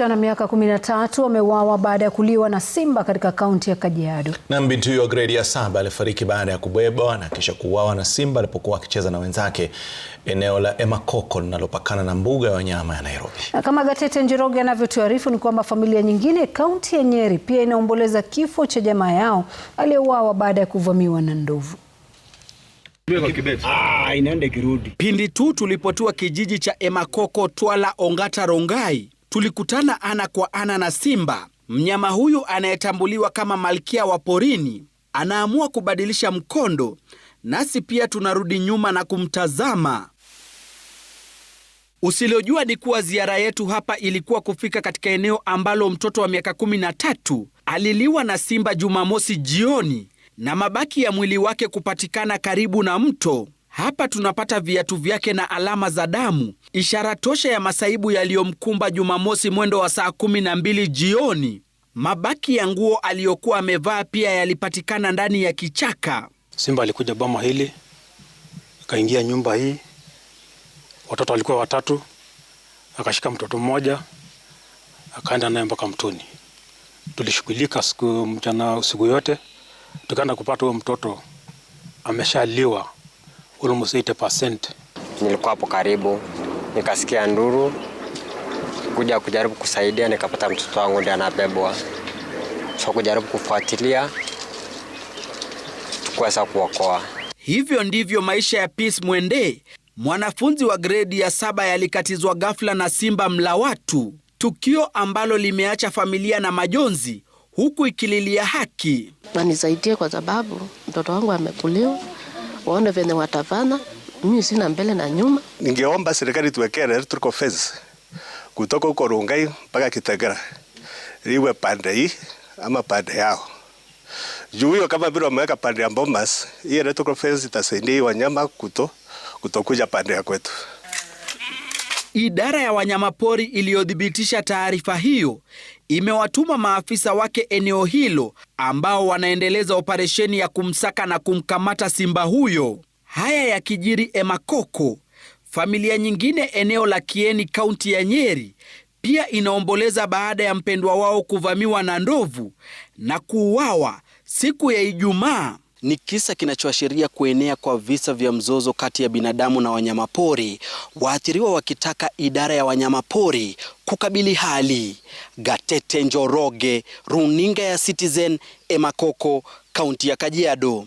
Msichana miaka 13 ameuawa baada ya kuliwa na simba katika kaunti ya Kajiado. Na binti huyo wa gredi ya saba alifariki baada ya kubebwa na kisha kuuawa na simba alipokuwa akicheza na wenzake eneo la Emakoko linalopakana na mbuga ya wanyama ya Nairobi. Na kama Gatete Njoroge anavyotuarifu ni kwamba familia nyingine kaunti ya Nyeri pia inaomboleza kifo cha jamaa yao aliyeuawa baada ya kuvamiwa na ndovu. Ah, Pindi tu tulipotua kijiji cha Emakoko Twala Ongata Rongai Tulikutana ana kwa ana na simba. Mnyama huyu anayetambuliwa kama malkia wa porini anaamua kubadilisha mkondo, nasi pia tunarudi nyuma na kumtazama. Usilojua ni kuwa ziara yetu hapa ilikuwa kufika katika eneo ambalo mtoto wa miaka 13 aliliwa na simba Jumamosi jioni na mabaki ya mwili wake kupatikana karibu na mto. Hapa tunapata viatu vyake na alama za damu, ishara tosha ya masaibu yaliyomkumba Jumamosi mwendo wa saa kumi na mbili jioni. Mabaki ya nguo aliyokuwa amevaa pia yalipatikana ndani ya kichaka. Simba alikuja boma hili, akaingia nyumba hii. Watoto walikuwa watatu, akashika mtoto mmoja, akaenda naye mpaka mtoni. Tulishughulika siku mchana, siku yote, tukaenda kupata huyo mtoto ameshaliwa almost 80%. Nilikuwa hapo karibu nikasikia nduru kuja kujaribu kusaidia, nikapata mtoto wangu ndiye anabebwa, so kujaribu kufuatilia tukuweza kuokoa. Hivyo ndivyo maisha ya Peace Mwende, mwanafunzi wa gredi ya saba, yalikatizwa ghafla na simba mla watu, tukio ambalo limeacha familia na majonzi, huku ikililia haki. Wanisaidie kwa sababu mtoto wangu amekuliwa waone venye watavana. Mimi sina mbele na nyuma. Ningeomba serikali tuwekee electrical fence kutoka huko Rungai mpaka Kitengela, liwe pande hii ama pande yao juu hiyo, kama vile wameweka pande ya Bomas, hiyo electrical fence itasaidia wanyama kuto kutokuja pande ya kwetu. Idara ya wanyamapori iliyothibitisha taarifa hiyo imewatuma maafisa wake eneo hilo ambao wanaendeleza operesheni ya kumsaka na kumkamata simba huyo. Haya ya kijiri Emakoko, familia nyingine eneo la Kieni, kaunti ya Nyeri, pia inaomboleza baada ya mpendwa wao kuvamiwa na ndovu na kuuawa siku ya Ijumaa ni kisa kinachoashiria kuenea kwa visa vya mzozo kati ya binadamu na wanyamapori, waathiriwa wakitaka idara ya wanyamapori kukabili hali. Gatete Njoroge, runinga ya Citizen, Emakoko, kaunti ya Kajiado.